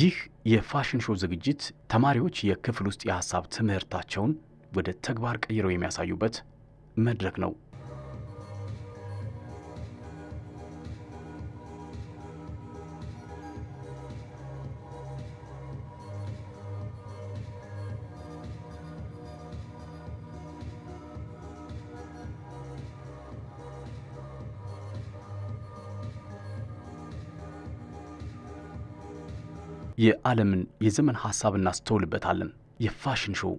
ይህ የፋሽን ሾው ዝግጅት ተማሪዎች የክፍል ውስጥ የሀሳብ ትምህርታቸውን ወደ ተግባር ቀይረው የሚያሳዩበት መድረክ ነው። የዓለምን የዘመን ሐሳብ እናስተውልበታለን። የፋሽን ሾው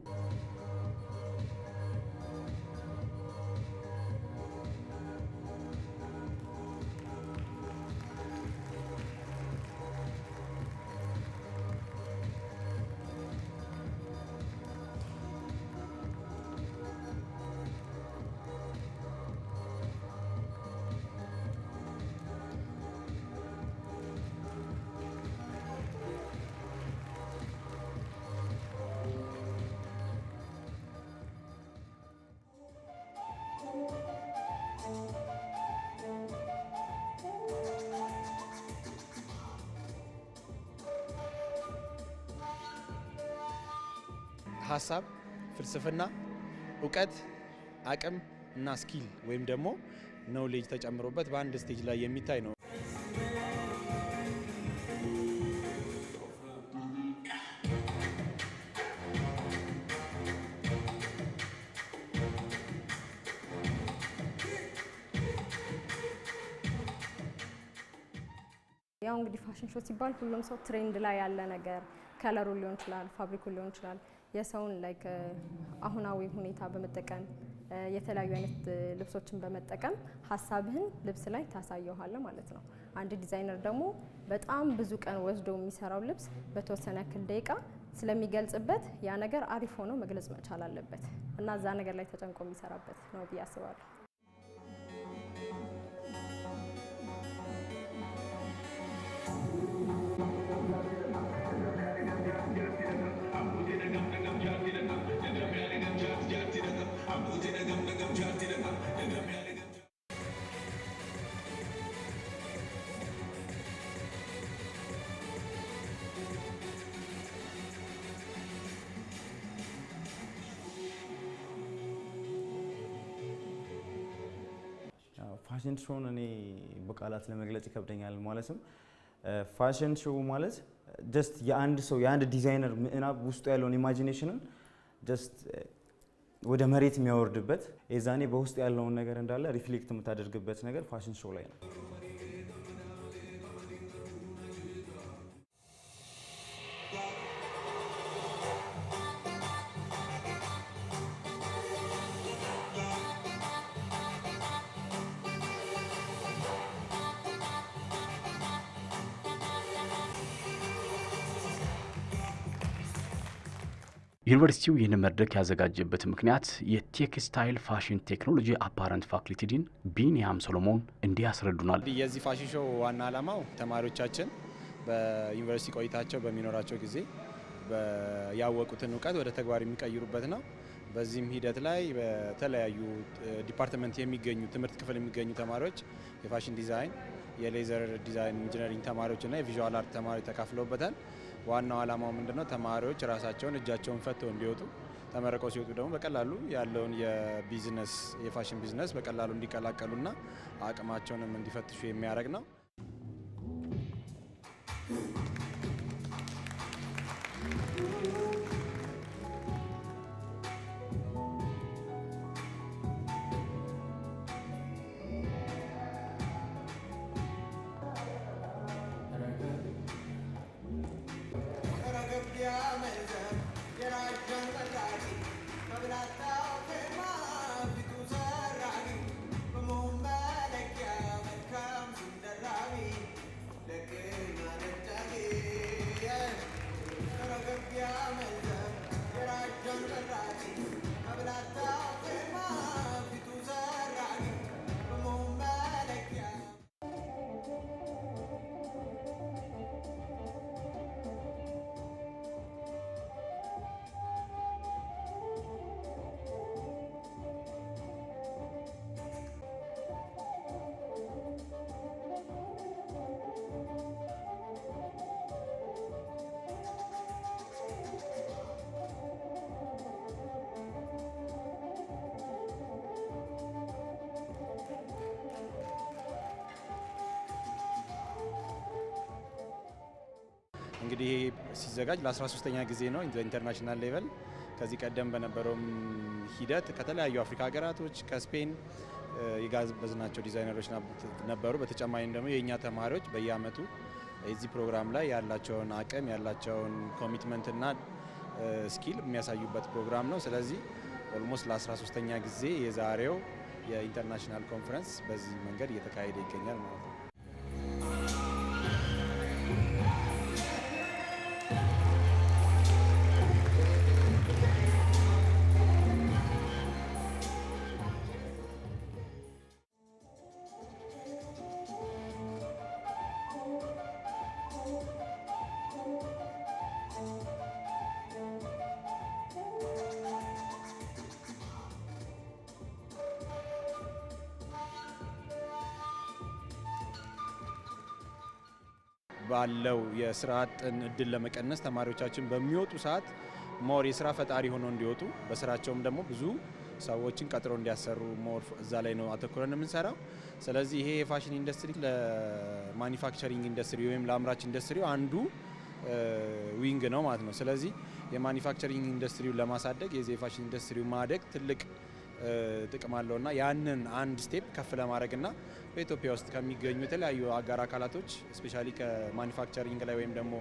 ሀሳብ፣ ፍልስፍና፣ እውቀት፣ አቅም እና ስኪል ወይም ደግሞ ኖሌጅ ተጨምሮበት በአንድ ስቴጅ ላይ የሚታይ ነው። ያው እንግዲህ ፋሽን ሾ ሲባል ሁሉም ሰው ትሬንድ ላይ ያለ ነገር ከለሩ ሊሆን ይችላል፣ ፋብሪኩ ሊሆን ይችላል የሰውን ላይክ አሁናዊ ሁኔታ በመጠቀም የተለያዩ አይነት ልብሶችን በመጠቀም ሀሳብህን ልብስ ላይ ታሳየዋለህ ማለት ነው። አንድ ዲዛይነር ደግሞ በጣም ብዙ ቀን ወስዶ የሚሰራው ልብስ በተወሰነ ያክል ደቂቃ ስለሚገልጽበት ያ ነገር አሪፍ ሆኖ መግለጽ መቻል አለበት እና እዛ ነገር ላይ ተጨንቆ የሚሰራበት ነው ብዬ አስባለሁ። ፋሽን ሾውን እኔ በቃላት ለመግለጽ ይከብደኛል። ማለትም ፋሽን ሾው ማለት ጀስት የአንድ ሰው የአንድ ዲዛይነር ምዕናብ ውስጡ ያለውን ኢማጂኔሽንን ጀስት ወደ መሬት የሚያወርድበት የዛኔ በውስጥ ያለውን ነገር እንዳለ ሪፍሌክት የምታደርግበት ነገር ፋሽን ሾው ላይ ነው። ዩኒቨርሲቲው ይህን መድረክ ያዘጋጀበት ምክንያት የቴክስታይል ፋሽን ቴክኖሎጂ አፓረንት ፋክልቲ ዲን ቢኒያም ሰሎሞን እንዲህ ያስረዱናል። የዚህ ፋሽን ሾው ዋና ዓላማው ተማሪዎቻችን በዩኒቨርሲቲ ቆይታቸው በሚኖራቸው ጊዜ ያወቁትን እውቀት ወደ ተግባር የሚቀይሩበት ነው። በዚህም ሂደት ላይ በተለያዩ ዲፓርትመንት የሚገኙ ትምህርት ክፍል የሚገኙ ተማሪዎች የፋሽን ዲዛይን፣ የሌዘር ዲዛይን ኢንጂነሪንግ ተማሪዎች እና የቪዥዋል አርት ተማሪዎች ተካፍለውበታል። ዋናው ዓላማው ምንድነው? ተማሪዎች ራሳቸውን እጃቸውን ፈተው እንዲወጡ ተመረቀው ሲወጡ ደግሞ በቀላሉ ያለውን የቢዝነስ የፋሽን ቢዝነስ በቀላሉ እንዲቀላቀሉና አቅማቸውንም እንዲፈትሹ የሚያደርግ ነው። እንግዲህ ሲዘጋጅ ለ13ኛ ጊዜ ነው ኢንተርናሽናል ሌቨል። ከዚህ ቀደም በነበረውም ሂደት ከተለያዩ አፍሪካ ሀገራቶች ከስፔን የጋበዝናቸው ዲዛይነሮች ነበሩ። በተጨማሪም ደግሞ የእኛ ተማሪዎች በየአመቱ የዚህ ፕሮግራም ላይ ያላቸውን አቅም ያላቸውን ኮሚትመንትና ስኪል የሚያሳዩበት ፕሮግራም ነው። ስለዚህ ኦልሞስት ለ13ኛ ጊዜ የዛሬው የኢንተርናሽናል ኮንፈረንስ በዚህ መንገድ እየተካሄደ ይገኛል ማለት ነው። ባለው የስራ አጥን እድል ለመቀነስ ተማሪዎቻችን በሚወጡ ሰዓት ሞር የስራ ፈጣሪ ሆነው እንዲወጡ በስራቸውም ደግሞ ብዙ ሰዎችን ቀጥሮ እንዲያሰሩ ሞር እዛ ላይ ነው አተኩረን የምንሰራው። ስለዚህ ይሄ የፋሽን ኢንዱስትሪ ለማኒፋክቸሪንግ ኢንዱስትሪ ወይም ለአምራች ኢንዱስትሪ አንዱ ዊንግ ነው ማለት ነው። ስለዚህ የማኒፋክቸሪንግ ኢንዱስትሪውን ለማሳደግ የዚህ የፋሽን ኢንዱስትሪው ማደግ ትልቅ ጥቅም አለው እና ያንን አንድ ስቴፕ ከፍ ለማድረግና በኢትዮጵያ ውስጥ ከሚገኙ የተለያዩ አጋር አካላቶች እስፔሻሊ ከማኒፋክቸሪንግ ላይ ወይም ደግሞ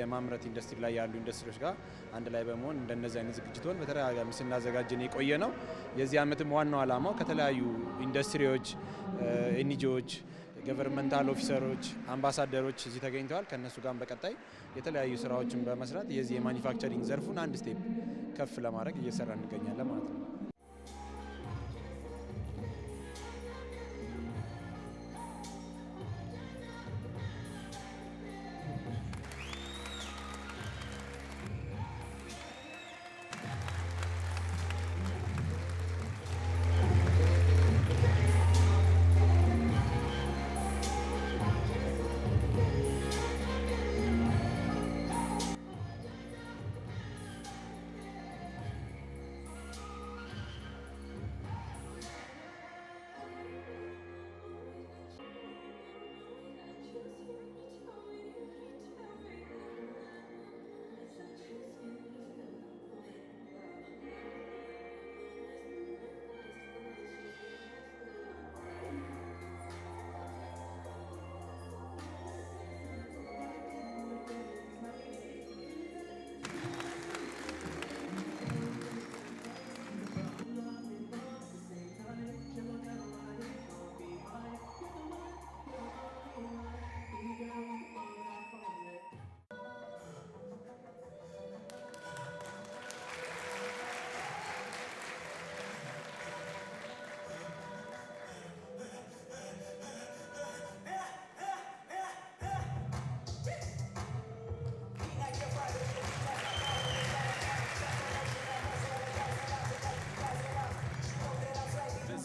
የማምረት ኢንዱስትሪ ላይ ያሉ ኢንዱስትሪዎች ጋር አንድ ላይ በመሆን እንደነዚህ አይነት ዝግጅቶን በተደጋጋሚ ስናዘጋጅን የቆየ ነው። የዚህ ዓመትም ዋናው ዓላማው ከተለያዩ ኢንዱስትሪዎች፣ ኤንጂዎች፣ ገቨርንመንታል ኦፊሰሮች፣ አምባሳደሮች እዚህ ተገኝተዋል። ከእነሱ ጋር በቀጣይ የተለያዩ ስራዎችን በመስራት የዚህ የማኒፋክቸሪንግ ዘርፉን አንድ ስቴፕ ከፍ ለማድረግ እየሰራ እንገኛለን ማለት ነው።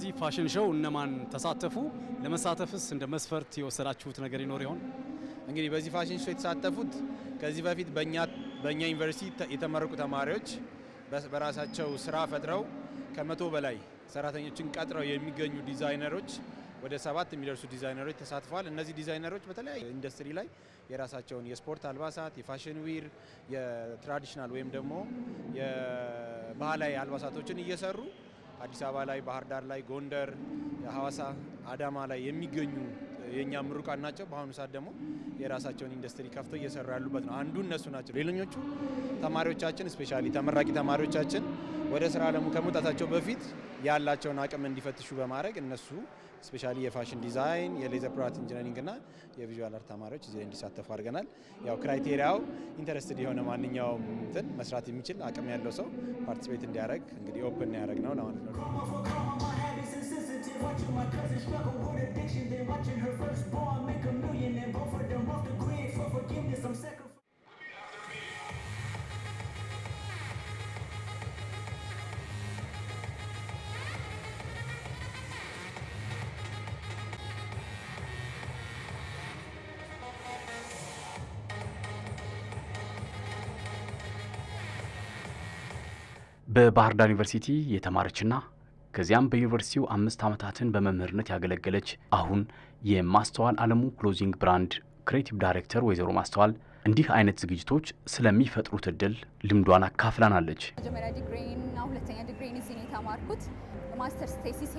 በዚህ ፋሽን ሾው እነማን ተሳተፉ? ለመሳተፍስ እንደ መስፈርት የወሰዳችሁት ነገር ይኖር ይሆን? እንግዲህ በዚህ ፋሽን ሾው የተሳተፉት ከዚህ በፊት በእኛ ዩኒቨርሲቲ የተመረቁ ተማሪዎች በራሳቸው ስራ ፈጥረው ከመቶ በላይ ሰራተኞችን ቀጥረው የሚገኙ ዲዛይነሮች ወደ ሰባት የሚደርሱ ዲዛይነሮች ተሳትፈዋል። እነዚህ ዲዛይነሮች በተለያዩ ኢንዱስትሪ ላይ የራሳቸውን የስፖርት አልባሳት፣ የፋሽን ዊር፣ የትራዲሽናል ወይም ደግሞ የባህላዊ አልባሳቶችን እየሰሩ አዲስ አበባ ላይ፣ ባህር ዳር ላይ፣ ጎንደር፣ ሀዋሳ፣ አዳማ ላይ የሚገኙ የእኛ ምሩቃን ናቸው። በአሁኑ ሰዓት ደግሞ የራሳቸውን ኢንዱስትሪ ከፍተው እየሰሩ ያሉበት ነው። አንዱ እነሱ ናቸው። ሌሎኞቹ ተማሪዎቻችን እስፔሻሊ ተመራቂ ተማሪዎቻችን ወደ ስራ አለሙ ከመውጣታቸው በፊት ያላቸውን አቅም እንዲፈትሹ በማድረግ እነሱ ስፔሻሊ የፋሽን ዲዛይን፣ የሌዘር ፕሮዳክት ኢንጂነሪንግ እና የቪዥዋል አርት ተማሪዎች እዚህ እንዲሳተፉ አድርገናል። ያው ክራይቴሪያው ኢንተረስትድ የሆነ ማንኛውም እንትን መስራት የሚችል አቅም ያለው ሰው ፓርቲስፔት እንዲያደረግ እንግዲህ ኦፕን ያደረግ ነው ማለት ነው። በባህር ዳር ዩኒቨርሲቲ የተማረችና ከዚያም በዩኒቨርሲቲው አምስት ዓመታትን በመምህርነት ያገለገለች አሁን የማስተዋል አለሙ ክሎዚንግ ብራንድ ክሬቲቭ ዳይሬክተር ወይዘሮ ማስተዋል እንዲህ አይነት ዝግጅቶች ስለሚፈጥሩት እድል ልምዷን አካፍላናለች። መጀመሪያ ዲግሪና ሁለተኛ ዲግሪን እዚህ ነው የተማርኩት። ማስተርስ ቴሲስ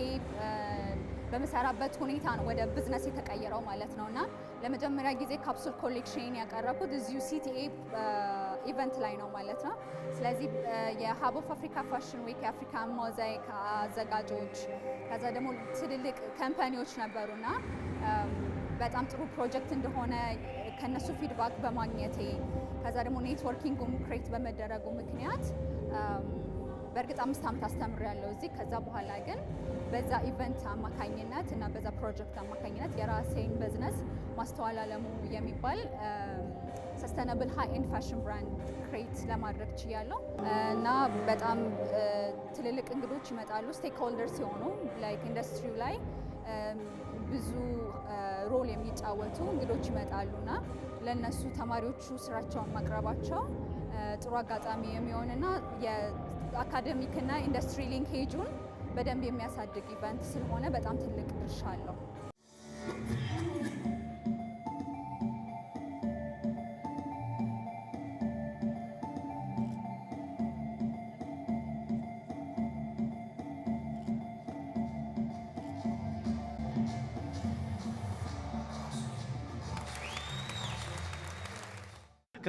በምሰራበት ሁኔታ ነው ወደ ብዝነስ የተቀየረው ማለት ነው እና ለመጀመሪያ ጊዜ ካፕሱል ኮሌክሽን ያቀረብኩት እዚሁ ሲቲኤ ኢቨንት ላይ ነው ማለት ነው። ስለዚህ የሀብ ኦፍ አፍሪካ ፋሽን ዊክ የአፍሪካ ሞዛይክ አዘጋጆች፣ ከዛ ደግሞ ትልልቅ ከምፓኒዎች ነበሩና በጣም ጥሩ ፕሮጀክት እንደሆነ ከነሱ ፊድባክ በማግኘቴ ከዛ ደግሞ ኔትወርኪንጉም ክሬት በመደረጉ ምክንያት በእርግጥ አምስት ዓመት አስተምር ያለው እዚህ። ከዛ በኋላ ግን በዛ ኢቨንት አማካኝነት እና በዛ ፕሮጀክት አማካኝነት የራሴን በዝነስ ማስተዋል አለሙ የሚባል ሰስተነብል ሃይ ኤንድ ፋሽን ብራንድ ክሬት ለማድረግ ችያለው እና በጣም ትልልቅ እንግዶች ይመጣሉ ስቴክ ሆልደር ሲሆኑ ላይክ ኢንዱስትሪው ላይ ብዙ ሮል የሚጫወቱ እንግዶች ይመጣሉና ለእነሱ ተማሪዎቹ ስራቸውን ማቅረባቸው ጥሩ አጋጣሚ የሚሆንና የአካደሚክና ኢንዱስትሪ ሊንኬጁን በደንብ የሚያሳድግ ኢቨንት ስለሆነ በጣም ትልቅ ድርሻ አለው።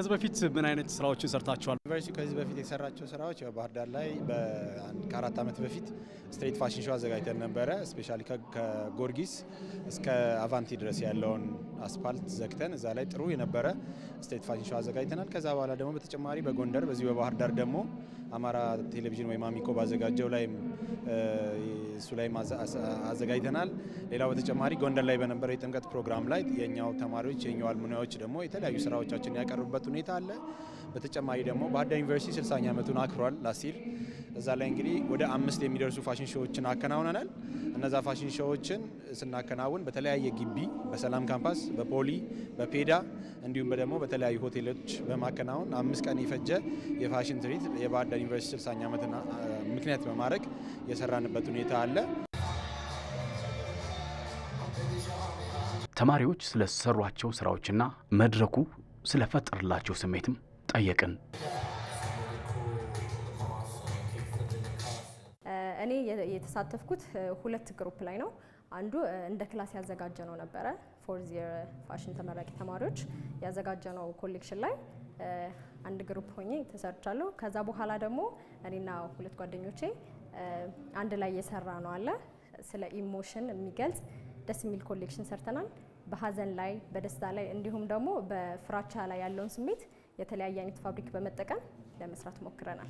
ከዚህ በፊት ምን አይነት ስራዎችን ሰርታችኋል? ዩኒቨርሲቲ ከዚህ በፊት የሰራቸው ስራዎች ባህር ዳር ላይ ከአራት ዓመት በፊት ስትሬት ፋሽን ሾ አዘጋጅተን ነበረ። ስፔሻሊ ከጎርጊስ እስከ አቫንቲ ድረስ ያለውን አስፓልት ዘግተን እዛ ላይ ጥሩ የነበረ ስቴት ፋሽን ሾው አዘጋጅተናል። ከዛ በኋላ ደግሞ በተጨማሪ በጎንደር በዚህ በባህር ዳር ደግሞ አማራ ቴሌቪዥን ወይም አሚኮ ባዘጋጀው ላይ እሱ ላይም አዘጋጅተናል። ሌላው በተጨማሪ ጎንደር ላይ በነበረው የጥምቀት ፕሮግራም ላይ የኛው ተማሪዎች የኛው አልሙኒያዎች ደግሞ የተለያዩ ስራዎቻችን ያቀርቡበት ሁኔታ አለ። በተጨማሪ ደግሞ ባህር ዳር ዩኒቨርሲቲ 60ኛ ዓመቱን አክብሯል ላሲል እዛ ላይ እንግዲህ ወደ አምስት የሚደርሱ ፋሽን ሾዎችን አከናውነናል። እነዛ ፋሽን ሾዎችን ስናከናውን በተለያየ ግቢ በሰላም ካምፓስ፣ በፖሊ፣ በፔዳ እንዲሁም ደግሞ በተለያዩ ሆቴሎች በማከናወን አምስት ቀን የፈጀ የፋሽን ትርኢት የባህር ዳር ዩኒቨርሲቲ ስልሳኛ ዓመትን ምክንያት በማድረግ የሰራንበት ሁኔታ አለ። ተማሪዎች ስለሰሯቸው ስራዎችና መድረኩ ስለፈጠርላቸው ስሜትም ጠየቅን። እኔ የተሳተፍኩት ሁለት ግሩፕ ላይ ነው። አንዱ እንደ ክላስ ያዘጋጀ ነው ነበረ ፎርዝ የፋሽን ተመራቂ ተማሪዎች ያዘጋጀ ነው ኮሌክሽን ላይ አንድ ግሩፕ ሆኜ ተሰርቻለሁ። ከዛ በኋላ ደግሞ እኔና ሁለት ጓደኞቼ አንድ ላይ የሰራ ነው አለ ስለ ኢሞሽን የሚገልጽ ደስ የሚል ኮሌክሽን ሰርተናል። በሀዘን ላይ፣ በደስታ ላይ እንዲሁም ደግሞ በፍራቻ ላይ ያለውን ስሜት የተለያየ አይነት ፋብሪክ በመጠቀም ለመስራት ሞክረናል።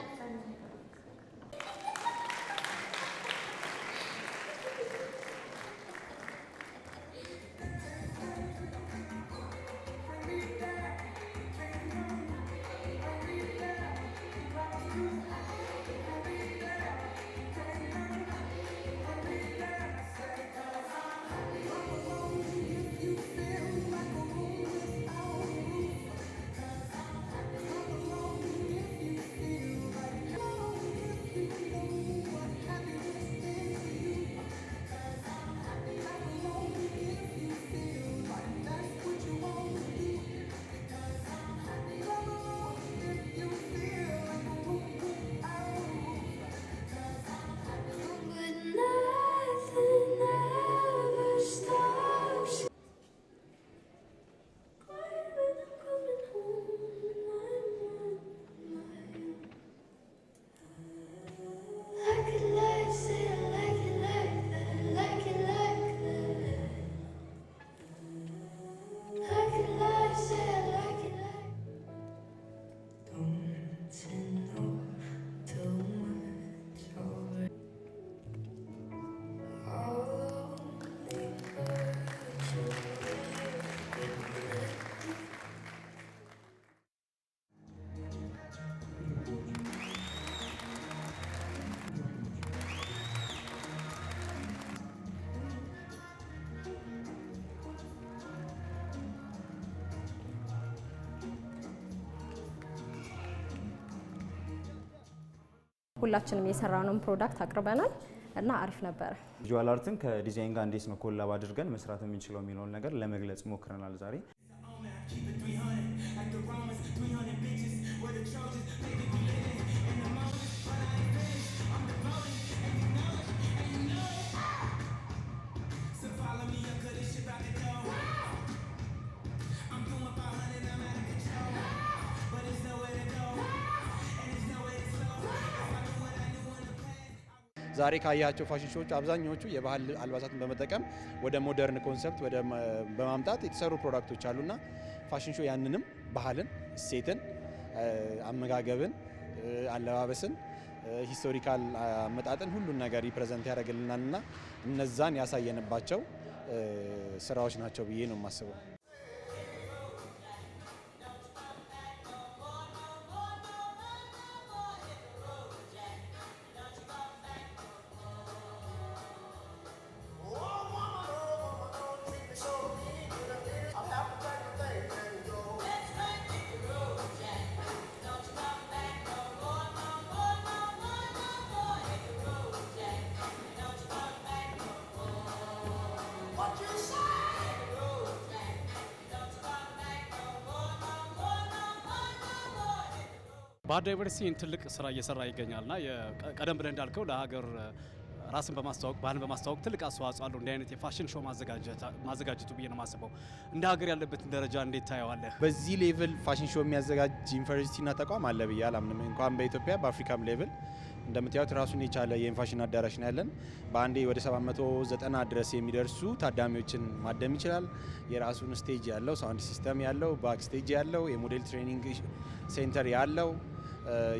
Sunday. ሁላችንም የሰራነውን ፕሮዳክት አቅርበናል እና አሪፍ ነበረ። ቪዥዋል አርትን ከዲዛይን ጋር እንዴት ነው ኮላብ አድርገን መስራት የምንችለው የሚለውን ነገር ለመግለጽ ሞክረናል ዛሬ ዛሬ ካያቸው ፋሽን ሾዎች አብዛኛዎቹ የባህል አልባሳትን በመጠቀም ወደ ሞደርን ኮንሰፕት በማምጣት የተሰሩ ፕሮዳክቶች አሉና ፋሽን ሾው ያንንም ባህልን፣ እሴትን፣ አመጋገብን፣ አለባበስን ሂስቶሪካል አመጣጥን ሁሉን ነገር ሪፕሬዘንት ያደርግልናልና እነዛን ያሳየንባቸው ስራዎች ናቸው ብዬ ነው የማስበው። ባህርዳር ትልቅ ስራ እየሰራ ይገኛልና ቀደም ብለህ እንዳልከው ለሀገር ራስን በማስተዋወቅ ባህልን በማስተዋወቅ ትልቅ አስተዋጽኦ አለው። እንዲህ አይነት የፋሽን ሾው ማዘጋጀቱ ብዬ ነው የማስበው። እንደ ሀገር ያለበትን ደረጃ እንዴት ታየዋለህ? በዚህ ሌቭል ፋሽን ሾው የሚያዘጋጅ ዩኒቨርሲቲና ተቋም አለ ብዬ አላምንም። እንኳን በኢትዮጵያ በአፍሪካም ሌቭል እንደምታዩት ራሱን የቻለ የፋሽን አዳራሽ ነው ያለን። በአንዴ ወደ 790 ድረስ የሚደርሱ ታዳሚዎችን ማደም ይችላል። የራሱን ስቴጅ ያለው፣ ሳውንድ ሲስተም ያለው፣ ባክ ስቴጅ ያለው፣ የሞዴል ትሬኒንግ ሴንተር ያለው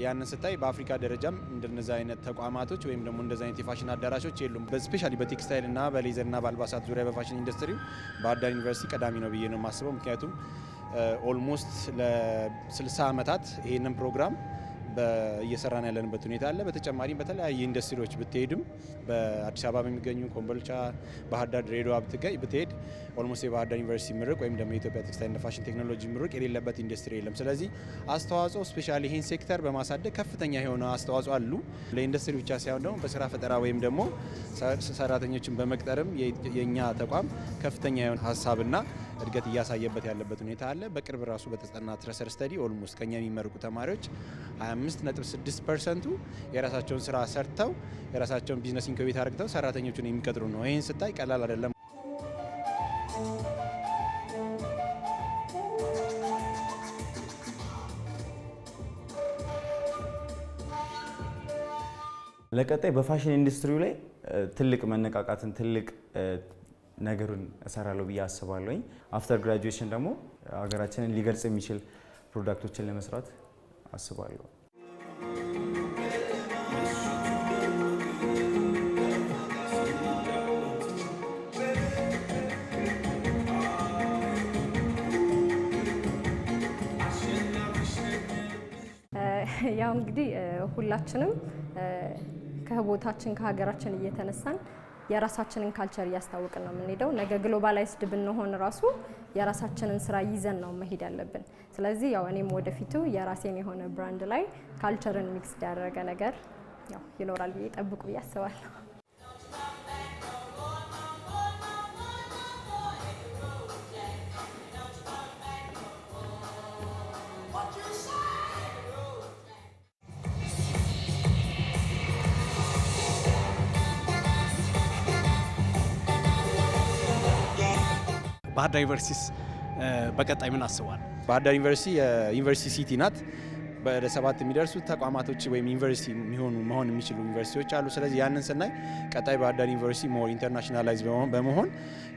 ያንን ስታይ በአፍሪካ ደረጃም እንደነዚ አይነት ተቋማቶች ወይም ደግሞ እንደዚ አይነት የፋሽን አዳራሾች የሉም። በስፔሻሊ በቴክስታይል እና በሌዘር እና በአልባሳት ዙሪያ በፋሽን ኢንዱስትሪ ባህርዳር ዩኒቨርሲቲ ቀዳሚ ነው ብዬ ነው የማስበው። ምክንያቱም ኦልሞስት ለ60 ዓመታት ይህንን ፕሮግራም እየሰራን ያለንበት ሁኔታ አለ። በተጨማሪም በተለያየ ኢንዱስትሪዎች ብትሄድም በአዲስ አበባ የሚገኙ ኮምቦልቻ፣ ባህርዳር፣ ድሬዳዋ ብትገኝ ብትሄድ ኦልሞስት የባህርዳር ዩኒቨርሲቲ ምርቅ ወይም ደግሞ የኢትዮጵያ ቴክስታይል ፋሽን ቴክኖሎጂ ምርቅ የሌለበት ኢንዱስትሪ የለም። ስለዚህ አስተዋጽኦ ስፔሻሊ ይህን ሴክተር በማሳደግ ከፍተኛ የሆነ አስተዋጽኦ አሉ። ለኢንዱስትሪ ብቻ ሳይሆን ደግሞ በስራ ፈጠራ ወይም ደግሞ ሰራተኞችን በመቅጠርም የእኛ ተቋም ከፍተኛ የሆነ ሀሳብና እድገት እያሳየበት ያለበት ሁኔታ አለ። በቅርብ ራሱ በተጠና ትረሰር ስተዲ ኦልሞስት ከኛ የሚመርቁ ተማሪዎች 25.6 ፐርሰንቱ የራሳቸውን ስራ ሰርተው የራሳቸውን ቢዝነስ ኢንኩቤት አድርገው ሰራተኞቹን የሚቀጥሩ ነው። ይህን ስታይ ቀላል አይደለም። ለቀጣይ በፋሽን ኢንዱስትሪው ላይ ትልቅ መነቃቃትን ትልቅ ነገሩን እሰራለሁ ብዬ አስባለሁኝ። አፍተር ግራጁዌሽን ደግሞ ሀገራችንን ሊገልጽ የሚችል ፕሮዳክቶችን ለመስራት አስባለሁ። ያው እንግዲህ ሁላችንም ከቦታችን ከሀገራችን እየተነሳን የራሳችንን ካልቸር እያስታወቅን ነው የምንሄደው። ነገ ግሎባላይዝድ ብንሆን ራሱ የራሳችንን ስራ ይዘን ነው መሄድ ያለብን። ስለዚህ ያው እኔም ወደፊቱ የራሴን የሆነ ብራንድ ላይ ካልቸርን ሚክስ ያደረገ ነገር ያው ይኖራል ብዬ ጠብቁ ብዬ አስባለሁ። ባህርዳር ዩኒቨርሲቲስ በቀጣይ ምን አስቧል? ባህርዳር ዩኒቨርሲቲ የዩኒቨርሲቲ ሲቲ ናት። ወደ ሰባት የሚደርሱ ተቋማቶች ወይም ዩኒቨርሲቲ የሚሆኑ መሆን የሚችሉ ዩኒቨርሲቲዎች አሉ። ስለዚህ ያንን ስናይ ቀጣይ ባህር ዳር ዩኒቨርሲቲ ሞር ኢንተርናሽናላይዝ በመሆን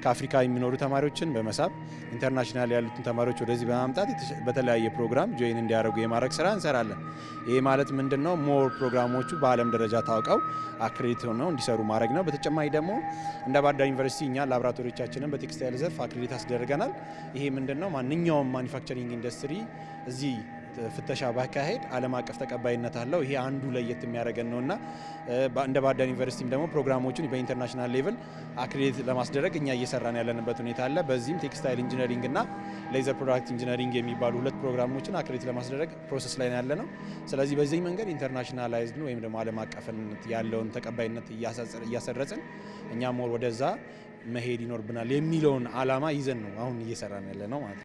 ከአፍሪካ የሚኖሩ ተማሪዎችን በመሳብ ኢንተርናሽናል ያሉትን ተማሪዎች ወደዚህ በማምጣት በተለያየ ፕሮግራም ጆይን እንዲያደርጉ የማድረግ ስራ እንሰራለን። ይህ ማለት ምንድን ነው? ሞር ፕሮግራሞቹ በዓለም ደረጃ ታውቀው አክሬዲት ሆነው እንዲሰሩ ማድረግ ነው። በተጨማሪ ደግሞ እንደ ባህር ዳር ዩኒቨርሲቲ እኛ ላብራቶሪዎቻችንን በቴክስታይል ዘርፍ አክሬዲት አስደርገናል። ይሄ ምንድን ነው? ማንኛውም ማኒፋክቸሪንግ ኢንዱስትሪ እዚህ ፍተሻ ባካሄድ ዓለም አቀፍ ተቀባይነት አለው። ይሄ አንዱ ለየት የሚያደርገን ነውና እንደ ባህር ዳር ዩኒቨርሲቲም ደግሞ ፕሮግራሞቹን በኢንተርናሽናል ሌቭል አክሬዲት ለማስደረግ እኛ እየሰራን ያለንበት ሁኔታ አለ። በዚህም ቴክስታይል ኢንጂነሪንግ እና ሌዘር ፕሮዳክት ኢንጂነሪንግ የሚባሉ ሁለት ፕሮግራሞችን አክሬዲት ለማስደረግ ፕሮሰስ ላይ ያለ ነው። ስለዚህ በዚህ መንገድ ኢንተርናሽናላይዝድ ወይም ደግሞ ዓለም አቀፍነት ያለውን ተቀባይነት እያሰረጽን እኛ ሞር ወደዛ መሄድ ይኖርብናል የሚለውን አላማ ይዘን ነው አሁን እየሰራን ያለ ነው ማለት ነው።